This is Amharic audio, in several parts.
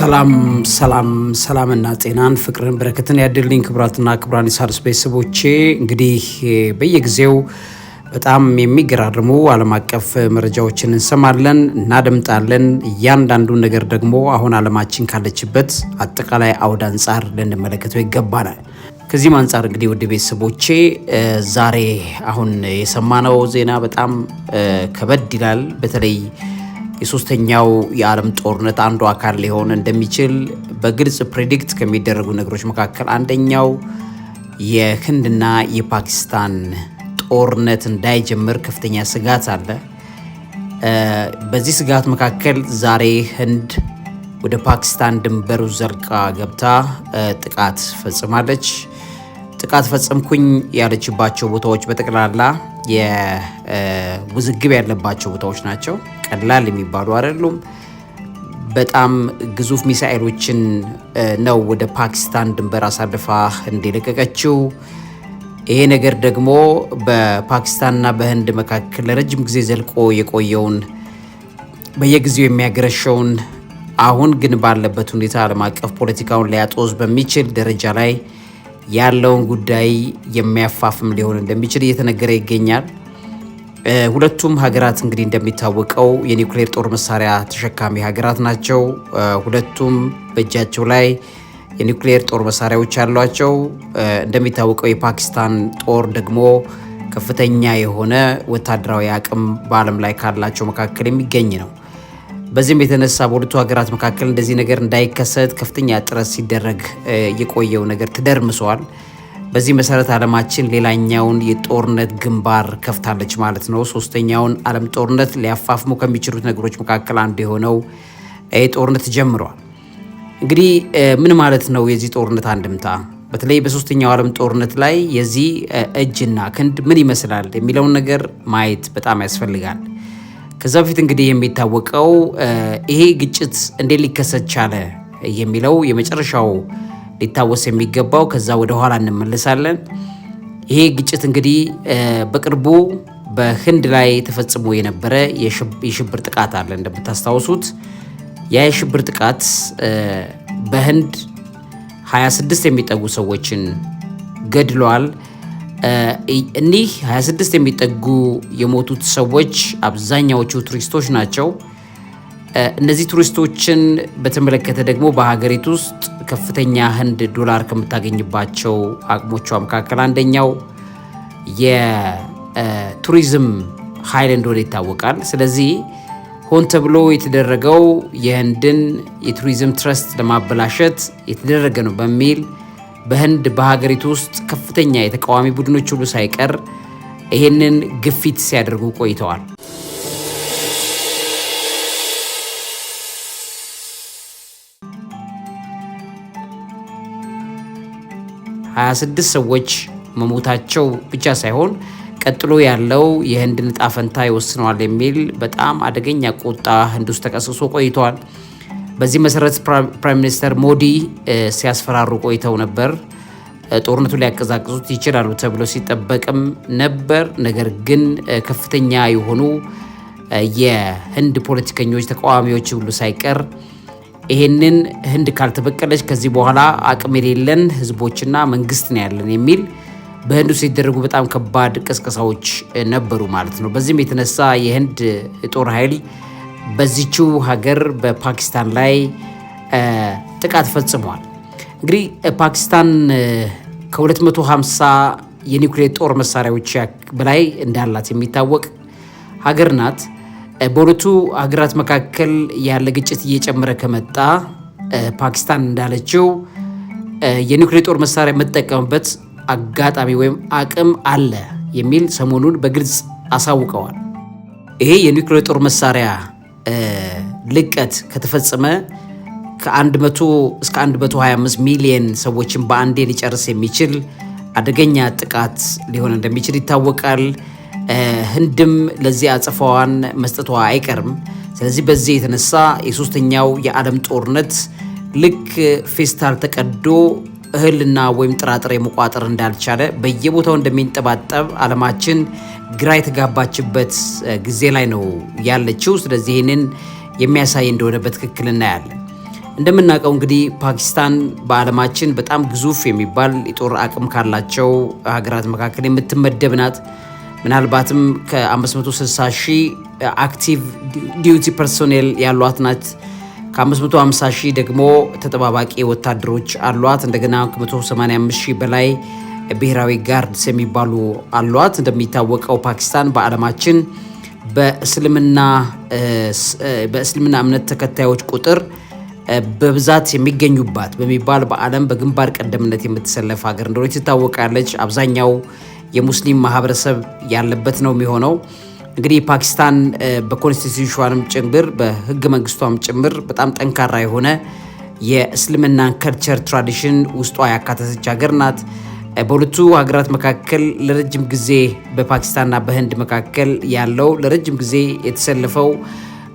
ሰላም ሰላም ሰላምና ጤናን ፍቅርን በረከትን ያድልኝ ክቡራትና ክቡራን የሣድስ ቤተሰቦቼ እንግዲህ በየጊዜው በጣም የሚገራርሙ ዓለም አቀፍ መረጃዎችን እንሰማለን እናደምጣለን። እያንዳንዱን ነገር ደግሞ አሁን ዓለማችን ካለችበት አጠቃላይ አውድ አንጻር ልንመለከተው ይገባናል። ከዚህም አንጻር እንግዲህ ውድ ቤተሰቦቼ ዛሬ አሁን የሰማነው ዜና በጣም ከበድ ይላል። በተለይ የሶስተኛው የዓለም ጦርነት አንዱ አካል ሊሆን እንደሚችል በግልጽ ፕሬዲክት ከሚደረጉ ነገሮች መካከል አንደኛው የህንድና የፓኪስታን ጦርነት እንዳይጀምር ከፍተኛ ስጋት አለ። በዚህ ስጋት መካከል ዛሬ ህንድ ወደ ፓኪስታን ድንበሩ ዘልቃ ገብታ ጥቃት ፈጽማለች። ጥቃት ፈጽምኩኝ ያለችባቸው ቦታዎች በጠቅላላ ውዝግብ ያለባቸው ቦታዎች ናቸው። ቀላል የሚባሉ አይደሉም። በጣም ግዙፍ ሚሳኤሎችን ነው ወደ ፓኪስታን ድንበር አሳልፋ እንደለቀቀችው። ይሄ ነገር ደግሞ በፓኪስታንና በህንድ መካከል ለረጅም ጊዜ ዘልቆ የቆየውን በየጊዜው የሚያገረሸውን አሁን ግን ባለበት ሁኔታ ዓለም አቀፍ ፖለቲካውን ሊያጦዝ በሚችል ደረጃ ላይ ያለውን ጉዳይ የሚያፋፍም ሊሆን እንደሚችል እየተነገረ ይገኛል። ሁለቱም ሀገራት እንግዲህ እንደሚታወቀው የኒውክሌር ጦር መሳሪያ ተሸካሚ ሀገራት ናቸው። ሁለቱም በእጃቸው ላይ የኒውክሌር ጦር መሳሪያዎች አሏቸው። እንደሚታወቀው የፓኪስታን ጦር ደግሞ ከፍተኛ የሆነ ወታደራዊ አቅም በዓለም ላይ ካላቸው መካከል የሚገኝ ነው። በዚህም የተነሳ በሁለቱ ሀገራት መካከል እንደዚህ ነገር እንዳይከሰት ከፍተኛ ጥረት ሲደረግ የቆየው ነገር ተደርምሰዋል። በዚህ መሰረት ዓለማችን ሌላኛውን የጦርነት ግንባር ከፍታለች ማለት ነው። ሶስተኛውን ዓለም ጦርነት ሊያፋፍሙ ከሚችሉት ነገሮች መካከል አንዱ የሆነው ጦርነት ጀምሯል። እንግዲህ ምን ማለት ነው የዚህ ጦርነት አንድምታ በተለይ በሶስተኛው ዓለም ጦርነት ላይ የዚህ እጅና ክንድ ምን ይመስላል የሚለውን ነገር ማየት በጣም ያስፈልጋል። ከዛ በፊት እንግዲህ የሚታወቀው ይሄ ግጭት እንዴት ሊከሰት ቻለ የሚለው የመጨረሻው ሊታወስ የሚገባው ከዛ ወደ ኋላ እንመለሳለን። ይሄ ግጭት እንግዲህ በቅርቡ በህንድ ላይ ተፈጽሞ የነበረ የሽብር ጥቃት አለ እንደምታስታውሱት። ያ የሽብር ጥቃት በህንድ 26 የሚጠጉ ሰዎችን ገድሏል። እኒህ 26 የሚጠጉ የሞቱት ሰዎች አብዛኛዎቹ ቱሪስቶች ናቸው። እነዚህ ቱሪስቶችን በተመለከተ ደግሞ በሀገሪቱ ውስጥ ከፍተኛ ህንድ ዶላር ከምታገኝባቸው አቅሞቿ መካከል አንደኛው የቱሪዝም ኃይል እንደሆነ ይታወቃል። ስለዚህ ሆን ተብሎ የተደረገው የህንድን የቱሪዝም ትረስት ለማበላሸት የተደረገ ነው በሚል በህንድ በሀገሪቱ ውስጥ ከፍተኛ የተቃዋሚ ቡድኖች ሁሉ ሳይቀር ይህንን ግፊት ሲያደርጉ ቆይተዋል። ሀያ ስድስት ሰዎች መሞታቸው ብቻ ሳይሆን ቀጥሎ ያለው የህንድን ዕጣ ፈንታ ይወስነዋል የሚል በጣም አደገኛ ቁጣ ህንድ ውስጥ ተቀስቅሶ ቆይተዋል። በዚህ መሰረት ፕራይም ሚኒስተር ሞዲ ሲያስፈራሩ ቆይተው ነበር። ጦርነቱን ሊያቀዛቅዙት ይችላሉ ተብሎ ሲጠበቅም ነበር። ነገር ግን ከፍተኛ የሆኑ የህንድ ፖለቲከኞች፣ ተቃዋሚዎች ሁሉ ሳይቀር ይሄንን ህንድ ካልተበቀለች ከዚህ በኋላ አቅም የሌለን ህዝቦችና መንግስት ነው ያለን የሚል በህንድ ውስጥ ሲደረጉ በጣም ከባድ ቅስቀሳዎች ነበሩ ማለት ነው። በዚህም የተነሳ የህንድ ጦር ኃይል በዚችው ሀገር በፓኪስታን ላይ ጥቃት ፈጽመዋል። እንግዲህ ፓኪስታን ከ250 የኒውክሌር ጦር መሳሪያዎች በላይ እንዳላት የሚታወቅ ሀገር ናት። በሁለቱ ሀገራት መካከል ያለ ግጭት እየጨመረ ከመጣ ፓኪስታን እንዳለችው የኒውክሌር ጦር መሳሪያ የምትጠቀምበት አጋጣሚ ወይም አቅም አለ የሚል ሰሞኑን በግልጽ አሳውቀዋል። ይሄ የኒውክሌር ጦር መሳሪያ ልቀት ከተፈጸመ ከ100 እስከ 125 ሚሊየን ሰዎችን በአንዴ ሊጨርስ የሚችል አደገኛ ጥቃት ሊሆን እንደሚችል ይታወቃል። ህንድም ለዚህ አጸፋዋን መስጠቷ አይቀርም። ስለዚህ በዚህ የተነሳ የሶስተኛው የዓለም ጦርነት ልክ ፌስታል ተቀዶ እህልና ወይም ጥራጥሬ መቋጠር እንዳልቻለ በየቦታው እንደሚንጠባጠብ አለማችን ግራ የተጋባችበት ጊዜ ላይ ነው ያለችው። ስለዚህ ይህንን የሚያሳይ እንደሆነ በትክክል እናያለን። እንደምናውቀው እንግዲህ ፓኪስታን በዓለማችን በጣም ግዙፍ የሚባል የጦር አቅም ካላቸው ሀገራት መካከል የምትመደብ ናት። ምናልባትም ከ560 ሺህ አክቲቭ ዲዩቲ ፐርሶኔል ያሏት ናት። ከ550 ሺህ ደግሞ ተጠባባቂ ወታደሮች አሏት። እንደገና ከ185 ሺህ በላይ ብሔራዊ ጋርድስ የሚባሉ አሏት። እንደሚታወቀው ፓኪስታን በዓለማችን በእስልምና እምነት ተከታዮች ቁጥር በብዛት የሚገኙባት በሚባል በዓለም በግንባር ቀደምነት የምትሰለፍ ሀገር እንደሆነች ትታወቃለች። አብዛኛው የሙስሊም ማህበረሰብ ያለበት ነው የሚሆነው እንግዲህ ፓኪስታን በኮንስቲቱሽኗንም ጭምር በህገ መንግስቷም ጭምር በጣም ጠንካራ የሆነ የእስልምና ከልቸር ትራዲሽን ውስጧ ያካተተች ሀገር ናት። በሁለቱ ሀገራት መካከል ለረጅም ጊዜ በፓኪስታንና በህንድ መካከል ያለው ለረጅም ጊዜ የተሰለፈው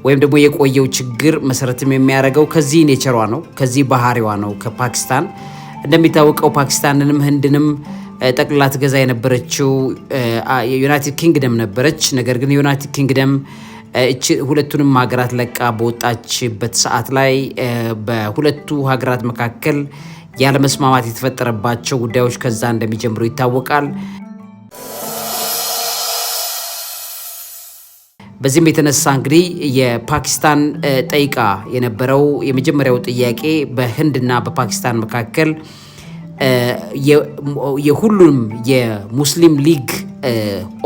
ወይም ደግሞ የቆየው ችግር መሰረትም የሚያደርገው ከዚህ ኔቸሯ ነው፣ ከዚህ ባህሪዋ ነው። ከፓኪስታን እንደሚታወቀው ፓኪስታንንም ህንድንም ጠቅላ ትገዛ የነበረችው ዩናይትድ ኪንግደም ነበረች። ነገር ግን የዩናይትድ ኪንግደም ሁለቱንም ሀገራት ለቃ በወጣችበት ሰዓት ላይ በሁለቱ ሀገራት መካከል ያለመስማማት የተፈጠረባቸው ጉዳዮች ከዛ እንደሚጀምሩ ይታወቃል። በዚህም የተነሳ እንግዲህ የፓኪስታን ጠይቃ የነበረው የመጀመሪያው ጥያቄ በህንድና በፓኪስታን መካከል የሁሉም የሙስሊም ሊግ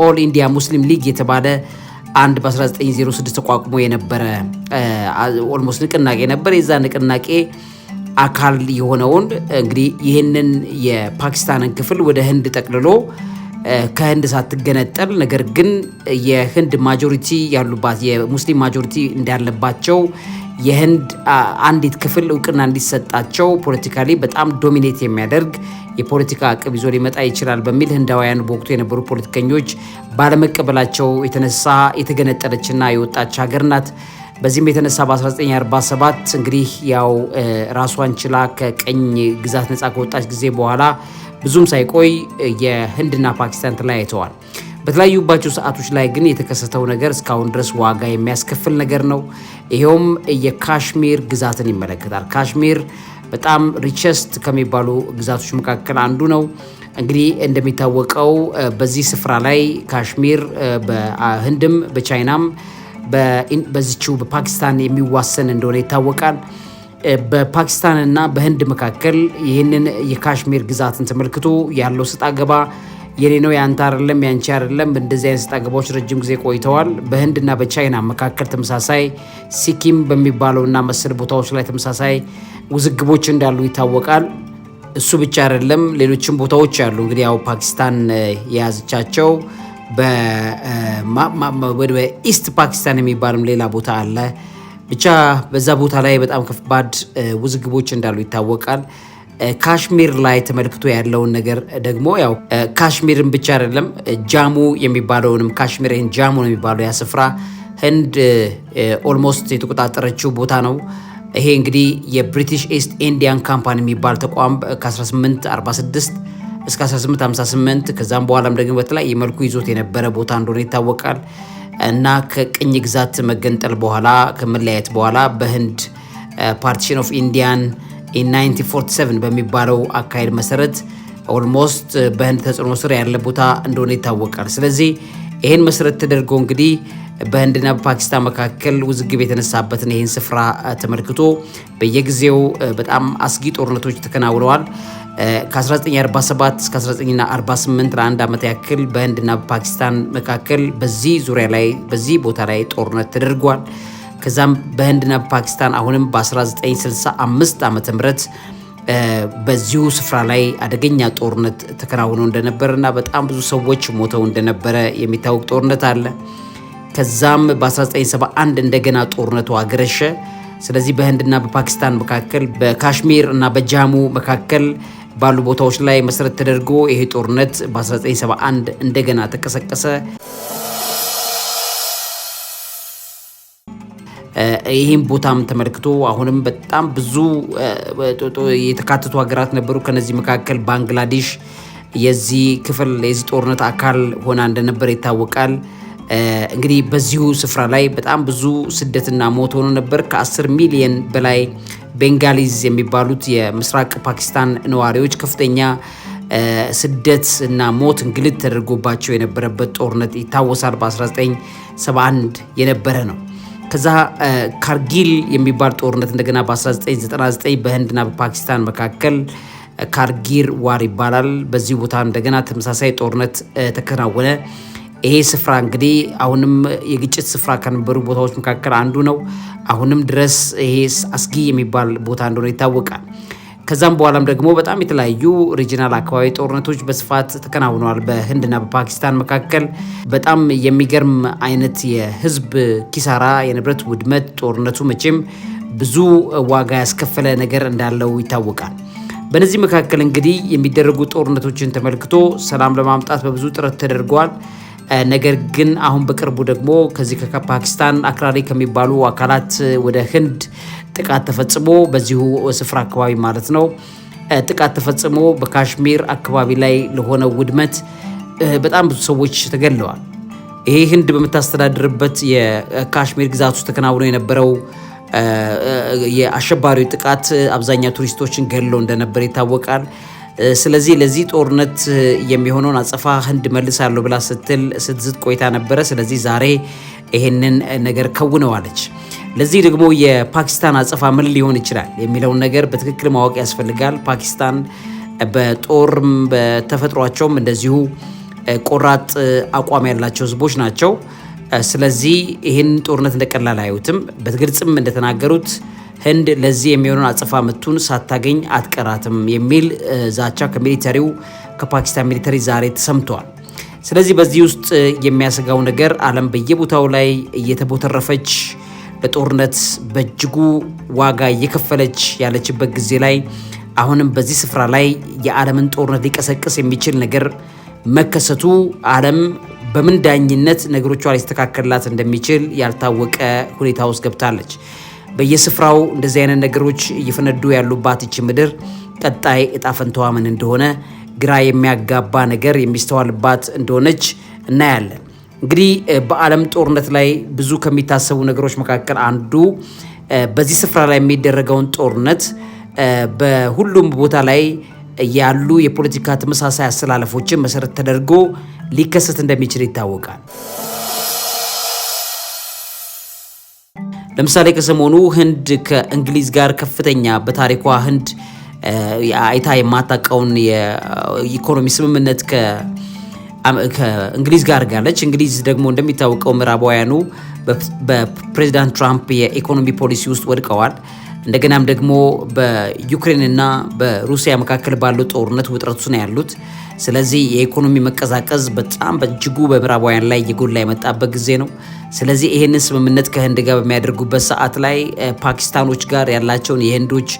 ኦል ኢንዲያ ሙስሊም ሊግ የተባለ አንድ በ1906 ተቋቁሞ የነበረ ኦልሞስት ንቅናቄ ነበር። የዛ ንቅናቄ አካል የሆነውን እንግዲህ ይህንን የፓኪስታንን ክፍል ወደ ህንድ ጠቅልሎ ከህንድ ሳትገነጠል ነገር ግን የህንድ ማጆሪቲ ያሉባት የሙስሊም ማጆሪቲ እንዳለባቸው የህንድ አንዲት ክፍል እውቅና እንዲሰጣቸው ፖለቲካሊ በጣም ዶሚኔት የሚያደርግ የፖለቲካ አቅም ይዞ ሊመጣ ይችላል በሚል ህንዳውያን በወቅቱ የነበሩ ፖለቲከኞች ባለመቀበላቸው የተነሳ የተገነጠለችና የወጣች ሀገር ናት። በዚህም የተነሳ በ1947 እንግዲህ ያው ራሷን ችላ ከቀኝ ግዛት ነፃ ከወጣች ጊዜ በኋላ ብዙም ሳይቆይ የህንድና ፓኪስታን ተለያይተዋል። በተለያዩባቸው ሰዓቶች ላይ ግን የተከሰተው ነገር እስካሁን ድረስ ዋጋ የሚያስከፍል ነገር ነው። ይኸውም የካሽሚር ግዛትን ይመለከታል። ካሽሚር በጣም ሪቸስት ከሚባሉ ግዛቶች መካከል አንዱ ነው። እንግዲህ እንደሚታወቀው በዚህ ስፍራ ላይ ካሽሚር በህንድም በቻይናም በዚችው በፓኪስታን የሚዋሰን እንደሆነ ይታወቃል። በፓኪስታንና በህንድ መካከል ይህንን የካሽሚር ግዛትን ተመልክቶ ያለው ስጣ ገባ የኔ ነው ያንተ አይደለም ያንቺ አይደለም። እንደዚህ አይነት ስጣገባዎች ረጅም ጊዜ ቆይተዋል። በህንድና በቻይና መካከል ተመሳሳይ ሲኪም በሚባለውና መሰል ቦታዎች ላይ ተመሳሳይ ውዝግቦች እንዳሉ ይታወቃል። እሱ ብቻ አይደለም፣ ሌሎችም ቦታዎች አሉ። እንግዲህ ያው ፓኪስታን የያዘቻቸው በኢስት ፓኪስታን የሚባልም ሌላ ቦታ አለ። ብቻ በዛ ቦታ ላይ በጣም ከባድ ውዝግቦች እንዳሉ ይታወቃል። ካሽሚር ላይ ተመልክቶ ያለውን ነገር ደግሞ ያው ካሽሚርን ብቻ አይደለም ጃሙ የሚባለውንም ካሽሚር ጃሙ ነው የሚባለው ያ ስፍራ ህንድ ኦልሞስት የተቆጣጠረችው ቦታ ነው። ይሄ እንግዲህ የብሪቲሽ ኢስት ኢንዲያን ካምፓኒ የሚባል ተቋም ከ1846 እስከ 1858 ከዛም በኋላም ደግሞ በተለያየ መልኩ ይዞት የነበረ ቦታ እንደሆነ ይታወቃል እና ከቅኝ ግዛት መገንጠል በኋላ ከመለያየት በኋላ በህንድ ፓርቲሽን ኦፍ ኢንዲያን ኤ1947 በሚባለው አካሄድ መሰረት ኦልሞስት በህንድ ተጽዕኖ ስር ያለ ቦታ እንደሆነ ይታወቃል። ስለዚህ ይህን መሰረት ተደርጎ እንግዲህ በህንድና በፓኪስታን መካከል ውዝግብ የተነሳበትን ይህን ስፍራ ተመልክቶ በየጊዜው በጣም አስጊ ጦርነቶች ተከናውነዋል። ከ1947 እስከ 1948 ለአንድ ዓመት ያክል በህንድና በፓኪስታን መካከል በዚህ ዙሪያ ላይ በዚህ ቦታ ላይ ጦርነት ተደርጓል። ከዛም በህንድና ፓኪስታን አሁንም በ1965 ዓ ም በዚሁ ስፍራ ላይ አደገኛ ጦርነት ተከናውኖ እንደነበረ እና በጣም ብዙ ሰዎች ሞተው እንደነበረ የሚታወቅ ጦርነት አለ። ከዛም በ1971 እንደገና ጦርነቱ አገረሸ። ስለዚህ በህንድና በፓኪስታን መካከል በካሽሚር እና በጃሙ መካከል ባሉ ቦታዎች ላይ መሰረት ተደርጎ ይሄ ጦርነት በ1971 እንደገና ተቀሰቀሰ። ይህም ቦታም ተመልክቶ አሁንም በጣም ብዙ የተካተቱ ሀገራት ነበሩ። ከነዚህ መካከል ባንግላዴሽ የዚህ ክፍል የዚህ ጦርነት አካል ሆና እንደነበር ይታወቃል። እንግዲህ በዚሁ ስፍራ ላይ በጣም ብዙ ስደትና ሞት ሆኖ ነበር። ከ10 ሚሊየን በላይ ቤንጋሊዝ የሚባሉት የምስራቅ ፓኪስታን ነዋሪዎች ከፍተኛ ስደት እና ሞት እንግልት ተደርጎባቸው የነበረበት ጦርነት ይታወሳል። በ1971 የነበረ ነው። ከዛ ካርጊል የሚባል ጦርነት እንደገና በ1999 በህንድና በፓኪስታን መካከል ካርጊር ዋር ይባላል። በዚህ ቦታ እንደገና ተመሳሳይ ጦርነት ተከናወነ። ይሄ ስፍራ እንግዲህ አሁንም የግጭት ስፍራ ከነበሩ ቦታዎች መካከል አንዱ ነው። አሁንም ድረስ ይሄ አስጊ የሚባል ቦታ እንደሆነ ይታወቃል። ከዛም በኋላም ደግሞ በጣም የተለያዩ ሪጂናል አካባቢ ጦርነቶች በስፋት ተከናውነዋል። በህንድና በፓኪስታን መካከል በጣም የሚገርም አይነት የህዝብ ኪሳራ፣ የንብረት ውድመት፣ ጦርነቱ መቼም ብዙ ዋጋ ያስከፈለ ነገር እንዳለው ይታወቃል። በነዚህ መካከል እንግዲህ የሚደረጉ ጦርነቶችን ተመልክቶ ሰላም ለማምጣት በብዙ ጥረት ተደርገዋል። ነገር ግን አሁን በቅርቡ ደግሞ ከዚህ ከፓኪስታን አክራሪ ከሚባሉ አካላት ወደ ህንድ ጥቃት ተፈጽሞ በዚሁ ስፍራ አካባቢ ማለት ነው ጥቃት ተፈጽሞ በካሽሚር አካባቢ ላይ ለሆነ ውድመት በጣም ብዙ ሰዎች ተገለዋል። ይሄ ህንድ በምታስተዳድርበት የካሽሚር ግዛት ውስጥ ተከናውኖ የነበረው የአሸባሪው ጥቃት አብዛኛው ቱሪስቶችን ገሎ እንደነበር ይታወቃል። ስለዚህ ለዚህ ጦርነት የሚሆነውን አጸፋ ህንድ መልሳለሁ ብላ ስትል ስትዝት ቆይታ ነበረ። ስለዚህ ዛሬ ይሄንን ነገር ከውነዋለች። ለዚህ ደግሞ የፓኪስታን አጸፋ ምን ሊሆን ይችላል የሚለውን ነገር በትክክል ማወቅ ያስፈልጋል። ፓኪስታን በጦርም በተፈጥሯቸውም እንደዚሁ ቆራጥ አቋም ያላቸው ህዝቦች ናቸው። ስለዚህ ይህን ጦርነት እንደቀላል አያዩትም። በግልጽም እንደተናገሩት ህንድ ለዚህ የሚሆነውን አጸፋ ምቱን ሳታገኝ አትቀራትም የሚል ዛቻ ከሚሊተሪው ከፓኪስታን ሚሊተሪ ዛሬ ተሰምተዋል። ስለዚህ በዚህ ውስጥ የሚያሰጋው ነገር ዓለም በየቦታው ላይ እየተቦተረፈች በጦርነት በእጅጉ ዋጋ እየከፈለች ያለችበት ጊዜ ላይ አሁንም በዚህ ስፍራ ላይ የዓለምን ጦርነት ሊቀሰቅስ የሚችል ነገር መከሰቱ ዓለም በምን ዳኝነት ነገሮቿ ሊስተካከልላት እንደሚችል ያልታወቀ ሁኔታ ውስጥ ገብታለች። በየስፍራው እንደዚህ አይነት ነገሮች እየፈነዱ ያሉባት ይች ምድር ቀጣይ እጣ ምን እንደሆነ ግራ የሚያጋባ ነገር የሚስተዋልባት እንደሆነች እናያለን። እንግዲህ በዓለም ጦርነት ላይ ብዙ ከሚታሰቡ ነገሮች መካከል አንዱ በዚህ ስፍራ ላይ የሚደረገውን ጦርነት በሁሉም ቦታ ላይ ያሉ የፖለቲካ ተመሳሳይ አስተላለፎችን መሰረት ተደርጎ ሊከሰት እንደሚችል ይታወቃል። ለምሳሌ ከሰሞኑ ህንድ ከእንግሊዝ ጋር ከፍተኛ በታሪኳ ህንድ አይታ የማታውቀውን የኢኮኖሚ ስምምነት ከእንግሊዝ ጋር አድርጋለች። እንግሊዝ ደግሞ እንደሚታወቀው ምዕራባውያኑ በፕሬዚዳንት ትራምፕ የኢኮኖሚ ፖሊሲ ውስጥ ወድቀዋል። እንደገናም ደግሞ በዩክሬንና በሩሲያ መካከል ባለው ጦርነት ውጥረቱ ነው ያሉት። ስለዚህ የኢኮኖሚ መቀዛቀዝ በጣም በእጅጉ በምዕራባውያን ላይ የጎላ የመጣበት ጊዜ ነው። ስለዚህ ይህንን ስምምነት ከህንድ ጋር በሚያደርጉበት ሰዓት ላይ ፓኪስታኖች ጋር ያላቸውን የህንዶች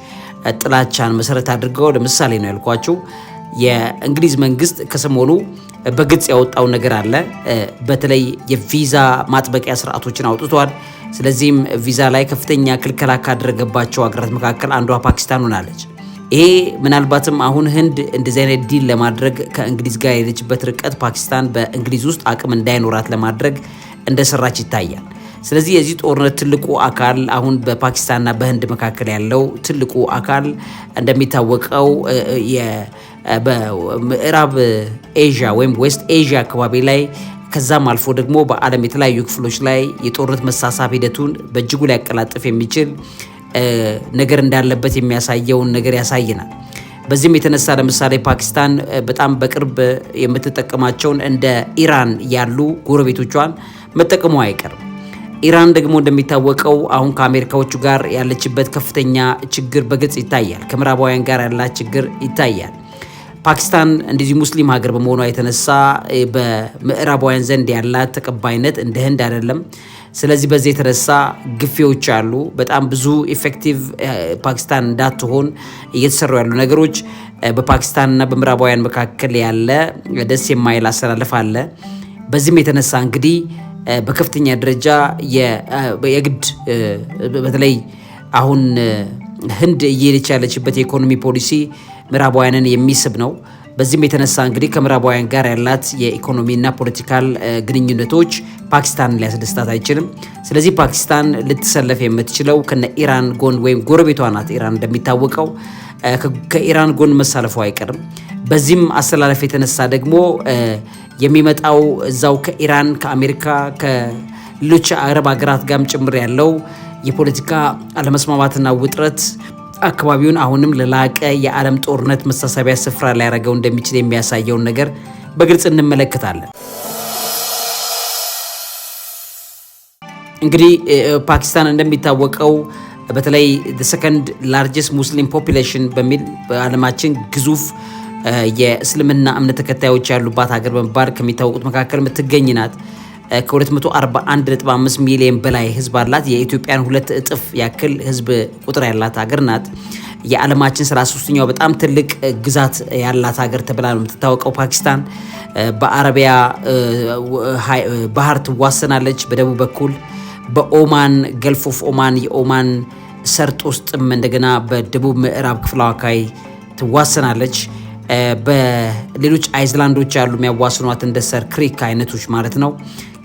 ጥላቻን መሰረት አድርገው ለምሳሌ ነው ያልኳቸው። የእንግሊዝ መንግስት ከሰሞኑ በግልጽ ያወጣው ነገር አለ። በተለይ የቪዛ ማጥበቂያ ስርዓቶችን አውጥቷል። ስለዚህም ቪዛ ላይ ከፍተኛ ክልከላ ካደረገባቸው ሀገራት መካከል አንዷ ፓኪስታን ሆናለች። ይሄ ምናልባትም አሁን ህንድ እንደዚህ አይነት ዲል ለማድረግ ከእንግሊዝ ጋር የሄደችበት ርቀት ፓኪስታን በእንግሊዝ ውስጥ አቅም እንዳይኖራት ለማድረግ እንደሰራች ይታያል። ስለዚህ የዚህ ጦርነት ትልቁ አካል አሁን በፓኪስታንና በህንድ መካከል ያለው ትልቁ አካል እንደሚታወቀው በምዕራብ ኤዥያ ወይም ዌስት ኤዥያ አካባቢ ላይ ከዛም አልፎ ደግሞ በዓለም የተለያዩ ክፍሎች ላይ የጦርነት መሳሳብ ሂደቱን በእጅጉ ሊያቀላጥፍ የሚችል ነገር እንዳለበት የሚያሳየውን ነገር ያሳየናል። በዚህም የተነሳ ለምሳሌ ፓኪስታን በጣም በቅርብ የምትጠቀማቸውን እንደ ኢራን ያሉ ጎረቤቶቿን መጠቀሙ አይቀርም። ኢራን ደግሞ እንደሚታወቀው አሁን ከአሜሪካዎቹ ጋር ያለችበት ከፍተኛ ችግር በግልጽ ይታያል። ከምዕራባውያን ጋር ያላት ችግር ይታያል። ፓኪስታን እንደዚህ ሙስሊም ሀገር በመሆኗ የተነሳ በምዕራባውያን ዘንድ ያላት ተቀባይነት እንደ ህንድ አይደለም። ስለዚህ በዚህ የተነሳ ግፌዎች አሉ። በጣም ብዙ ኢፌክቲቭ ፓኪስታን እንዳትሆን እየተሰሩ ያሉ ነገሮች በፓኪስታንና በምዕራባውያን መካከል ያለ ደስ የማይል አሰላለፍ አለ። በዚህም የተነሳ እንግዲህ በከፍተኛ ደረጃ የግድ በተለይ አሁን ህንድ እየሄደች ያለችበት የኢኮኖሚ ፖሊሲ ምዕራባውያንን የሚስብ ነው። በዚህም የተነሳ እንግዲህ ከምዕራባውያን ጋር ያላት የኢኮኖሚና ፖለቲካል ግንኙነቶች ፓኪስታንን ሊያስደስታት አይችልም። ስለዚህ ፓኪስታን ልትሰለፍ የምትችለው ከነ ኢራን ጎን ወይም ጎረቤቷ ናት። ኢራን እንደሚታወቀው ከኢራን ጎን መሳለፉ አይቀርም። በዚህም አሰላለፍ የተነሳ ደግሞ የሚመጣው እዛው ከኢራን ከአሜሪካ ከሌሎች አረብ ሀገራት ጋርም ጭምር ያለው የፖለቲካ አለመስማማትና ውጥረት አካባቢውን አሁንም ለላቀ የዓለም ጦርነት መሳሰቢያ ስፍራ ሊያደርገው እንደሚችል የሚያሳየውን ነገር በግልጽ እንመለከታለን። እንግዲህ ፓኪስታን እንደሚታወቀው በተለይ ሰከንድ ላርጀስት ሙስሊም ፖፕሌሽን በሚል በዓለማችን ግዙፍ የእስልምና እምነት ተከታዮች ያሉባት ሀገር በመባል ከሚታወቁት መካከል የምትገኝ ናት። ከ241.5 ሚሊዮን በላይ ህዝብ አላት። የኢትዮጵያን ሁለት እጥፍ ያክል ህዝብ ቁጥር ያላት ሀገር ናት። የዓለማችን 33ኛው በጣም ትልቅ ግዛት ያላት ሀገር ተብላ ነው የምትታወቀው። ፓኪስታን በአረቢያ ባህር ትዋሰናለች በደቡብ በኩል በኦማን ገልፍ ኦፍ ኦማን የኦማን ሰርጥ ውስጥም እንደገና በደቡብ ምዕራብ ክፍለ አካባቢ ትዋሰናለች። በሌሎች አይዝላንዶች ያሉ የሚያዋስኗት እንደ ሰር ክሪክ አይነቶች ማለት ነው።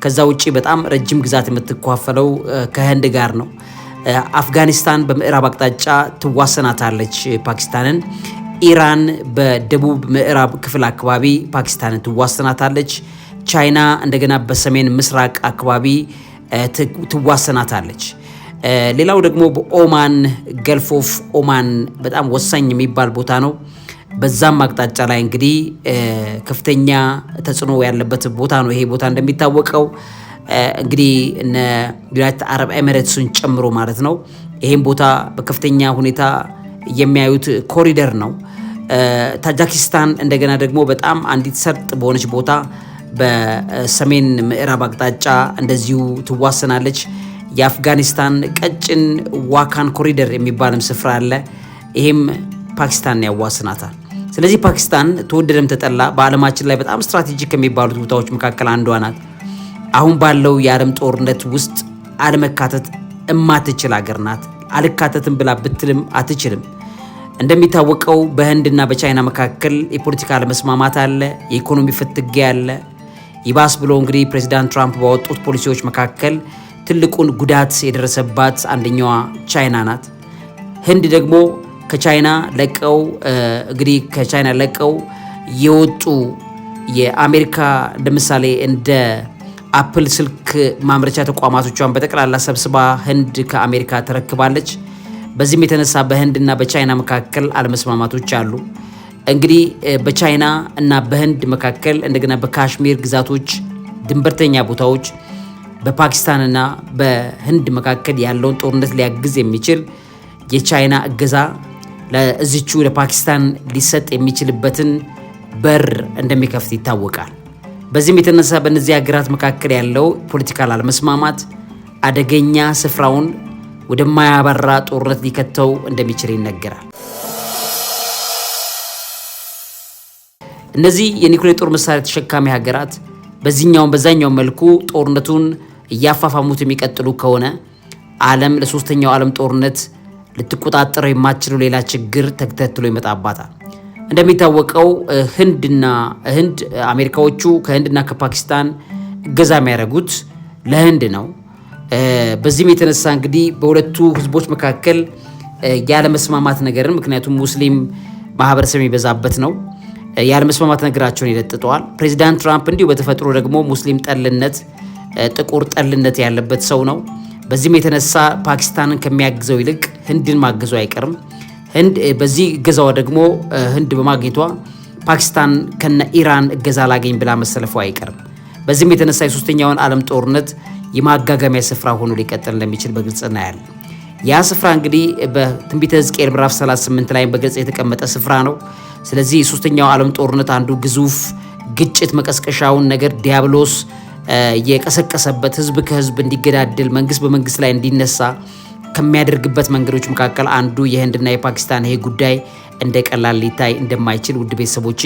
ከዛ ውጪ በጣም ረጅም ግዛት የምትኳፈለው ከህንድ ጋር ነው። አፍጋኒስታን በምዕራብ አቅጣጫ ትዋሰናታለች ፓኪስታንን። ኢራን በደቡብ ምዕራብ ክፍል አካባቢ ፓኪስታንን ትዋሰናታለች። ቻይና እንደገና በሰሜን ምስራቅ አካባቢ ትዋሰናታለች። ሌላው ደግሞ በኦማን ገልፍ ኦፍ ኦማን በጣም ወሳኝ የሚባል ቦታ ነው። በዛም አቅጣጫ ላይ እንግዲህ ከፍተኛ ተጽዕኖ ያለበት ቦታ ነው። ይሄ ቦታ እንደሚታወቀው እንግዲህ እነ ዩናይትድ አረብ ኤሚሬትሱን ጨምሮ ማለት ነው። ይህም ቦታ በከፍተኛ ሁኔታ የሚያዩት ኮሪደር ነው። ታጃኪስታን እንደገና ደግሞ በጣም አንዲት ሰርጥ በሆነች ቦታ በሰሜን ምዕራብ አቅጣጫ እንደዚሁ ትዋሰናለች። የአፍጋኒስታን ቀጭን ዋካን ኮሪደር የሚባልም ስፍራ አለ። ይሄም ፓኪስታን ያዋስናታል። ስለዚህ ፓኪስታን ተወደደም ተጠላ በዓለማችን ላይ በጣም ስትራቴጂክ ከሚባሉት ቦታዎች መካከል አንዷ ናት። አሁን ባለው የዓለም ጦርነት ውስጥ አለመካተት እማትችል አገር ናት። አልካተትም ብላ ብትልም አትችልም። እንደሚታወቀው በህንድና በቻይና መካከል የፖለቲካ አለመስማማት አለ፣ የኢኮኖሚ ፍትጌ አለ። ይባስ ብሎ እንግዲህ ፕሬዚዳንት ትራምፕ ባወጡት ፖሊሲዎች መካከል ትልቁን ጉዳት የደረሰባት አንደኛዋ ቻይና ናት። ህንድ ደግሞ ከቻይና ለቀው እንግዲህ ከቻይና ለቀው የወጡ የአሜሪካ ለምሳሌ እንደ አፕል ስልክ ማምረቻ ተቋማቶቿን በጠቅላላ ሰብስባ ህንድ ከአሜሪካ ተረክባለች። በዚህም የተነሳ በህንድና በቻይና መካከል አለመስማማቶች አሉ። እንግዲህ በቻይና እና በህንድ መካከል እንደገና በካሽሚር ግዛቶች ድንበርተኛ ቦታዎች በፓኪስታንና በህንድ መካከል ያለውን ጦርነት ሊያግዝ የሚችል የቻይና እገዛ ለእዚቹ ለፓኪስታን ሊሰጥ የሚችልበትን በር እንደሚከፍት ይታወቃል። በዚህም የተነሳ በእነዚህ ሀገራት መካከል ያለው ፖለቲካል አለመስማማት አደገኛ ስፍራውን ወደማያባራ ጦርነት ሊከተው እንደሚችል ይነገራል። እነዚህ የኒውክሌር ጦር መሳሪያ ተሸካሚ ሀገራት በዚህኛውም በዛኛው መልኩ ጦርነቱን እያፋፋሙት የሚቀጥሉ ከሆነ ዓለም ለሶስተኛው ዓለም ጦርነት ልትቆጣጠረው የማትችለው ሌላ ችግር ተከትሎ ይመጣባታል። እንደሚታወቀው ህንድና ህንድ አሜሪካዎቹ ከህንድና ከፓኪስታን እገዛ የሚያደርጉት ለህንድ ነው። በዚህም የተነሳ እንግዲህ በሁለቱ ህዝቦች መካከል ያለመስማማት ነገርን ምክንያቱም ሙስሊም ማህበረሰብ የሚበዛበት ነው። ያለመስማማት ነገራቸውን ይለጥጠዋል። ፕሬዚዳንት ትራምፕ እንዲሁ በተፈጥሮ ደግሞ ሙስሊም ጠልነት፣ ጥቁር ጠልነት ያለበት ሰው ነው። በዚህም የተነሳ ፓኪስታንን ከሚያግዘው ይልቅ ህንድን ማገዙ አይቀርም። ህንድ በዚህ እገዛዋ ደግሞ ህንድ በማግኘቷ ፓኪስታን ከነ ኢራን እገዛ ላገኝ ብላ መሰለፈው አይቀርም። በዚህም የተነሳ የሶስተኛውን ዓለም ጦርነት የማጋገሚያ ስፍራ ሆኖ ሊቀጥል እንደሚችል በግልጽ እናያለን። ያ ስፍራ እንግዲህ በትንቢተ ሕዝቅኤል ምዕራፍ 38 ላይ በግልጽ የተቀመጠ ስፍራ ነው። ስለዚህ የሶስተኛው ዓለም ጦርነት አንዱ ግዙፍ ግጭት መቀስቀሻውን ነገር ዲያብሎስ የቀሰቀሰበት ህዝብ ከህዝብ እንዲገዳደል መንግስት በመንግስት ላይ እንዲነሳ ከሚያደርግበት መንገዶች መካከል አንዱ የህንድና የፓኪስታን ይሄ ጉዳይ እንደ ቀላል ሊታይ እንደማይችል ውድ ቤተሰቦቼ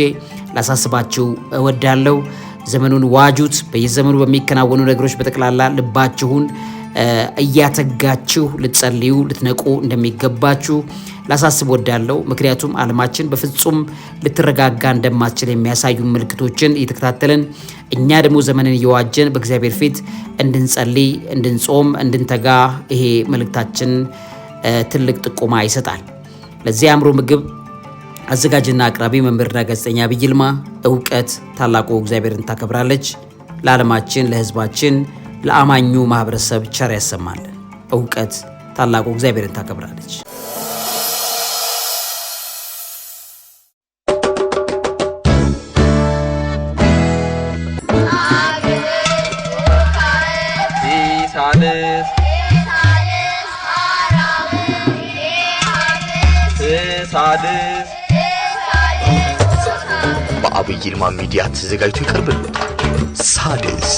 ላሳስባችሁ እወዳለሁ። ዘመኑን ዋጁት። በየዘመኑ በሚከናወኑ ነገሮች በጠቅላላ ልባችሁን እያተጋችሁ ልትጸልዩ ልትነቁ እንደሚገባችሁ ላሳስብ ወዳለው። ምክንያቱም ዓለማችን በፍጹም ልትረጋጋ እንደማትችል የሚያሳዩ ምልክቶችን እየተከታተልን እኛ ደግሞ ዘመንን እየዋጀን በእግዚአብሔር ፊት እንድንጸልይ፣ እንድንጾም፣ እንድንተጋ ይሄ መልእክታችን ትልቅ ጥቆማ ይሰጣል። ለዚህ አእምሮ ምግብ አዘጋጅና አቅራቢ መምህርና ጋዜጠኛ ዐቢይ ይልማ። እውቀት ታላቁ እግዚአብሔርን ታከብራለች። ለዓለማችን ለህዝባችን። ለአማኙ ማህበረሰብ ቸር ያሰማልን። እውቀት ታላቁ እግዚአብሔርን ታከብራለች። በአብይ ይልማ ሚዲያ ተዘጋጅቶ ይቀርብልታል። ሳድስ